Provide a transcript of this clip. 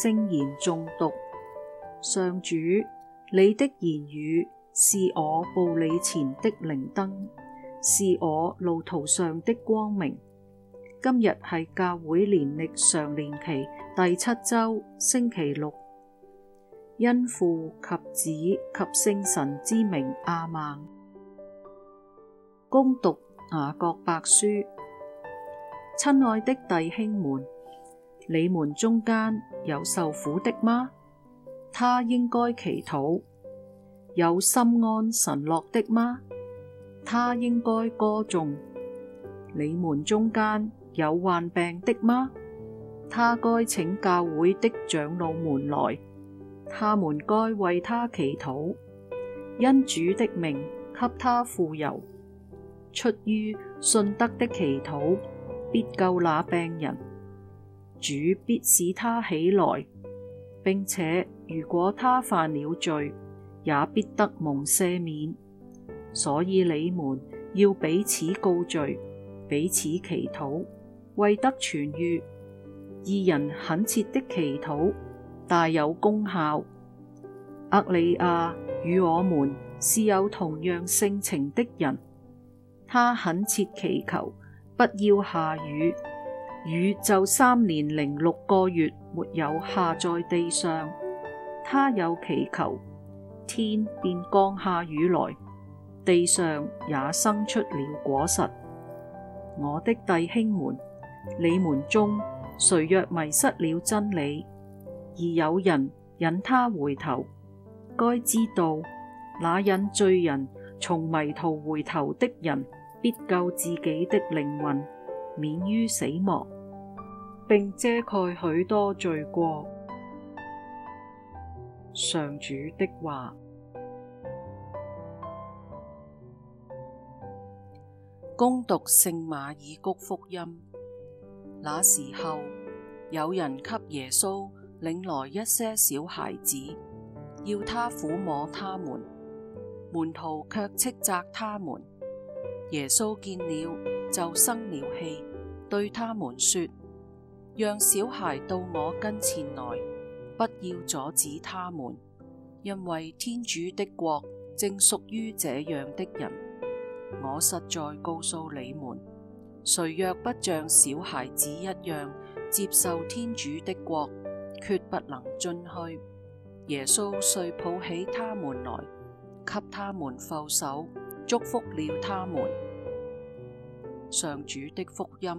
聖言誦讀，上主，你的言語是我步履前的靈燈，是我路途上的光明。今日係教會年曆常年期第七週，星期六。因父及子及聖神之名，阿孟。他們該為他祈禱，因主的名給他傅油，出於信德的祈禱，必救那病人，主必使他起來，並且如果他犯了罪，也必得蒙赦免。所以你們要彼此告罪，彼此祈禱，為得痊癒，義人懇切的祈禱，大有功效。厄里亞與我們是有同樣性情的人，他懇切祈求不要下雨，雨就三年零六個月沒有下在地上。他又祈求，天便降下雨來，地上也生出了果實。我的弟兄們，你們中誰若迷失了真理，而有人引他回頭，該知道，那引罪人從迷途回頭的人，必救自己的靈魂免於死亡，並遮蓋許多罪過。上主的話。恭讀聖馬爾谷福音。那時候有人給耶穌，領來一些小孩子，要他撫摸他們，門徒卻斥責他們。耶穌見了，就生了氣，對他們說：讓小孩到我跟前來，不要阻止他們，因為天主的國正屬於這樣的人。我實在告訴你們，誰若不像小孩子一樣接受天主的國，決不能進去。耶穌遂抱起他們來，給他們撫手，祝福了他們。上主的福音。